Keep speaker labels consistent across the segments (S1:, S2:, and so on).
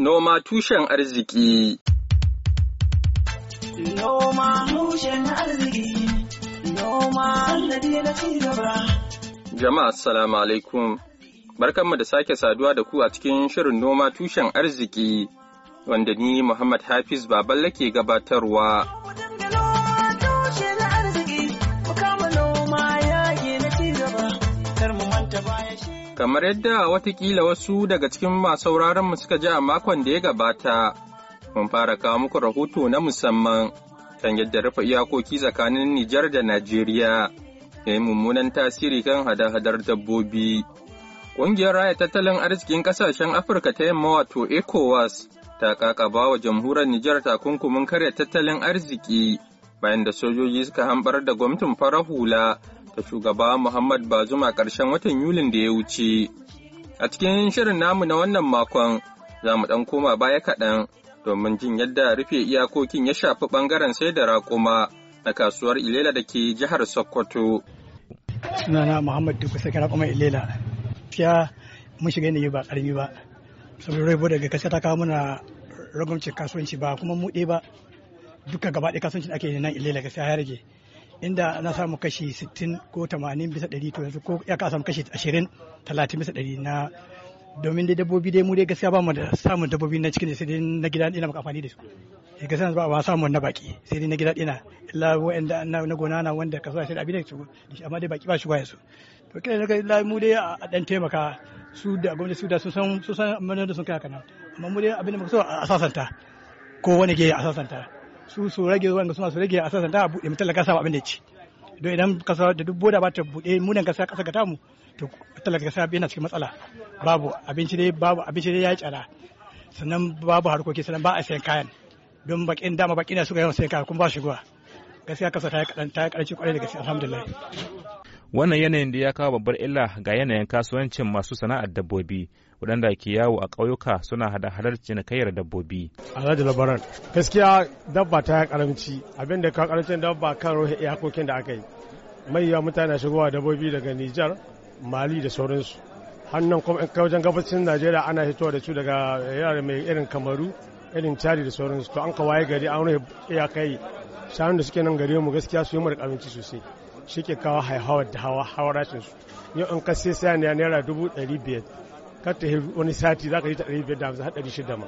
S1: Noma tushen arziki. Jama'a assalamu alaikum. Barkanmu da sake saduwa da ku a cikin shirin noma tushen arziki wanda ni Muhammad Hafiz Baballe ke gabatarwa. Kamar yadda watakila wasu daga cikin masu mu suka ji a makon da ya gabata, mun fara kawo muku rahoto na musamman kan yadda rufe iyakoki tsakanin Nijar da Najeriya ya yi mummunan tasiri kan hada-hadar dabbobi. Ƙungiyar raya tattalin arzikin ƙasashen Afirka ta yamma wato ECOWAS ta kakaba wa jamhuriyar Nijar takunkumin karya tattalin arziki bayan da sojoji suka hambar da gwamnatin farahula. hula da shugaba Muhammad Bazuma ƙarshen watan Yulin da ya wuce. A cikin shirin namu na wannan makon za mu ɗan koma baya kaɗan domin jin yadda rufe iyakokin ya shafi ɓangaren sai da raƙuma na kasuwar Ilela da ke jihar Sokoto.
S2: Sunana Muhammad Dubu Sakara kuma Ilela. Gaskiya mun shiga yanayi ba ƙarami ba. Saboda rai daga kasa ta kawo mana ragwamcin kasuwanci ba kuma mu ba duka gaba ɗaya kasuwancin ake yi nan Ilela gaskiya ya rage. inda na samu kashi 60 ko 80 bisa 100 to yanzu ko ya ka samu kashi 20 30 bisa 100 na domin dai dabbobi dai mu dai gaskiya ba mu da samun dabbobi na cikin sai dai na gida ina maka amfani da su eh gaskiya ba ba samu na baki sai dai na gida ina illa wanda na na gona na wanda kasuwa sai da abin da su amma dai baki ba shi yanzu to kai daga illa mu dai a dan taimaka su da gwamnati su da sun san sun san mana da sun kai haka nan amma mu dai abin da muka so a sasanta ko wani ge a sasanta su su rage wanda suna su rage a sasanta a buɗe mu talaka samu abin da ci don idan kasa da duk boda ba ta buɗe munan kasa kasa ga tamu to talaka kasa yana cikin matsala babu abinci dai babu abinci dai ya tsara sannan babu harkoki sannan ba a sayan kayan don bakin dama bakin da suka yawan sayan kayan kuma ba shigowa gaskiya kasa ta yi karanci ta yi kwarai da gaske alhamdulillah
S3: wannan yanayin da ya kawo babbar illa ga yanayin kasuwancin masu sana'ar dabbobi waɗanda ke yawo a ƙauyuka suna hada hadar cinikayyar dabbobi.
S4: Alhaji Labaran, gaskiya dabba ta ya karamci abinda ka karamcin dabba kan rohe iyakokin da aka yi. Maiya mutane shigowa dabbobi daga Nijar, Mali da sauransu. hannun kuma wajen gabacin Najeriya ana hitowa da su daga yara mai irin Kamaru, irin cari da sauransu. To an kawaye gari an rohe iyakai. Shanun da suke nan gare mu gaskiya su yi mu da karamci sosai. shi ke kawo haihawar da hawa rashin su yau in ka sai saniya naira dubu ɗari biyar ka ta wani sati za ka ji ta ɗari biyar da hamsin har ɗari shida ma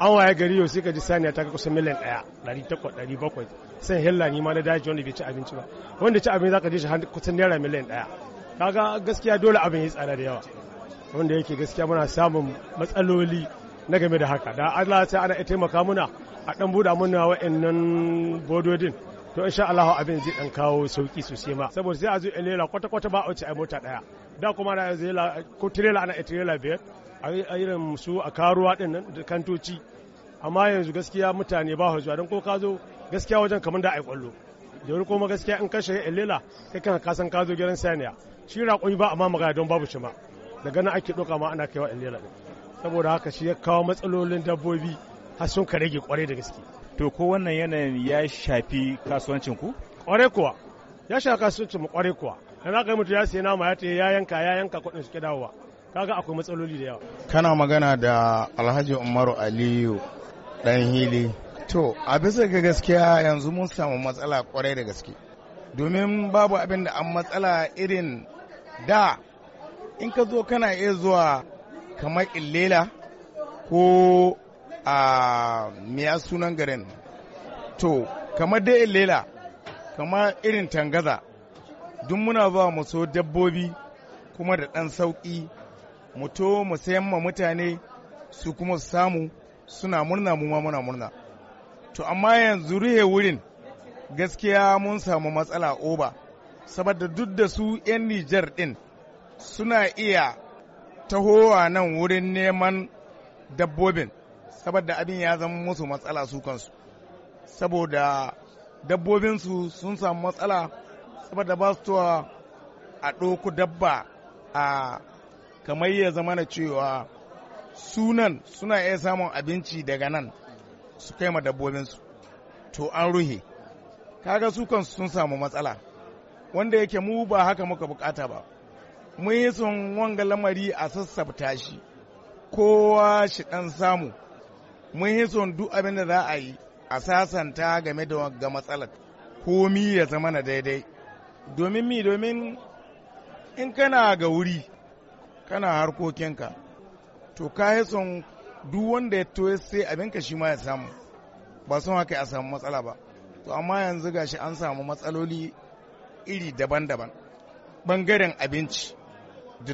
S4: an waye gari yau sai ka ji saniya ta kusa miliyan ɗaya ɗari takwas ɗari bakwai sai hilla ni ma na daji wanda bai ci abinci ba wanda ci abinci za ka ji shi kusan naira miliyan ɗaya kaga gaskiya dole abin ya tsada da yawa wanda yake gaskiya muna samun matsaloli na game da haka da Allah sai ana taimaka muna a dan buɗa muna wa'annan bododin to insha Allah abin zai dan kawo sauki sosai ma saboda sai a zo lela kwata kwata ba a wuce a mota daya da kuma da la ko trailer ana trailer biyar a irin su a karuwa din nan da kantoci amma yanzu gaskiya mutane ba zuwa don ko ka zo gaskiya wajen kamar da ai kwallo da wuri kuma gaskiya in kashe shiga lela kai kan ka ka zo gidan saniya shi raƙumi ba amma magana don babu shi ma daga nan ake ɗauka ma ana kaiwa lela saboda haka shi ya kawo matsalolin dabbobi har sun ka rage kwarai da gaskiya.
S3: to ko wannan yanayin ya shafi kasuwancin ku
S4: kware kuwa ya shafi kasuwancin mu kware kuwa dan zaka mutu ya sayi nama ya ta ya yanka ya yanka kuɗin suke dawowa kaga akwai matsaloli da yawa
S3: kana magana da Alhaji Umaru Aliyu dan hili to a bisa ga gaskiya yanzu mun samu matsala kwarai da gaske domin babu abin da an matsala irin da in ka zo kana iya zuwa kamar illela ko a miya sunan garin to kamar dai lela kamar irin tangaza duk muna zuwa mu so dabbobi kuma da ɗan sauƙi muto mu sayan ma mutane su kuma su samu suna murna mu ma muna murna to amma yanzu ruhe wurin gaskiya mun samu matsala oba saboda duk da su 'yan nijar ɗin suna iya tahowa nan wurin neman dabbobin saboda abin ya zama musu matsala su kansu saboda dabbobinsu sun samu matsala saboda ba su a ɗoku dabba a kamar ya zama na cewa sunan suna iya samun abinci daga nan su kai ma dabbobinsu to an ruhe kaga su kansu sun samu matsala wanda yake mu ba haka muka bukata ba mun yi sun wanga lamari a sassabta shi kowa shi ɗan samu mun yi son duk abin da za a yi a sasanta game da ga matsalar komi ya zama na daidai domin mi domin in kana ga wuri kana harkokinka to ka yi son duk wanda ya toye sai abinka shi ma ya samu ba son haka a samu matsala ba to amma yanzu gashi an samu matsaloli iri daban-daban bangaren abinci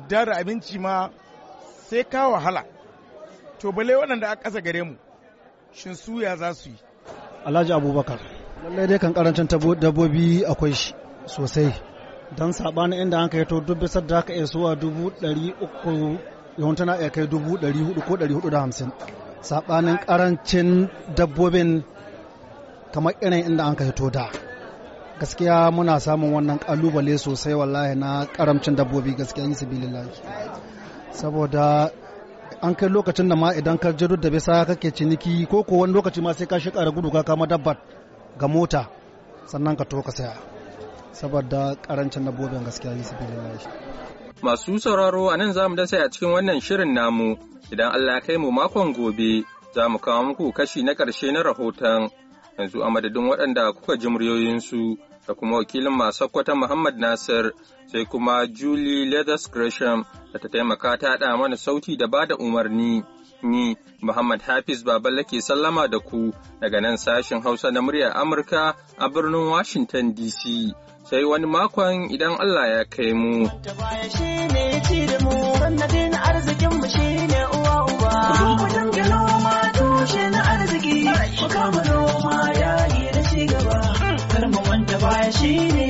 S3: da abinci ma sai ka wahala to bale waɗanda a ƙasa gare mu shin suya za su yi
S2: alhaji abubakar lallai dai kan karancin dabbobi akwai shi sosai don sabanin inda an kai to duk bisa da aka iya suwa dubu ɗari uku yawanci na iya kai dubu ɗari hudu ko ɗari hudu da hamsin sabanin karancin dabbobin kamar irin inda an kai to da gaskiya muna samun wannan kalubale sosai wallahi na karamcin dabbobi gaskiya yi sabilillahi saboda an kai lokacin da ma idan ka jiru da bisa kake ciniki ko ko wani lokaci ma sai ka shi ƙara gudu ka kama dabbar ga mota sannan ka to ka saya saboda na dabbobin gaskiya yi su
S1: Masu sauraro a nan za mu dasa a cikin wannan shirin namu idan Allah kai mu makon gobe za mu kawo muku kashi na ƙarshe na rahoton yanzu a madadin waɗanda kuka ji muryoyinsu da kuma wakilin masu kwata Muhammad Nasir sai kuma Julie Leathers Gresham da ta taimaka ta da mana sauti da ba da umarni. Ni Muhammad Hafiz Baballa ke sallama da ku daga nan sashin Hausa na muryar Amurka a birnin Washington DC. Sai wani makon idan Allah ya kai mu.
S2: Kuka mu noma yayi na ci gaba. 想念。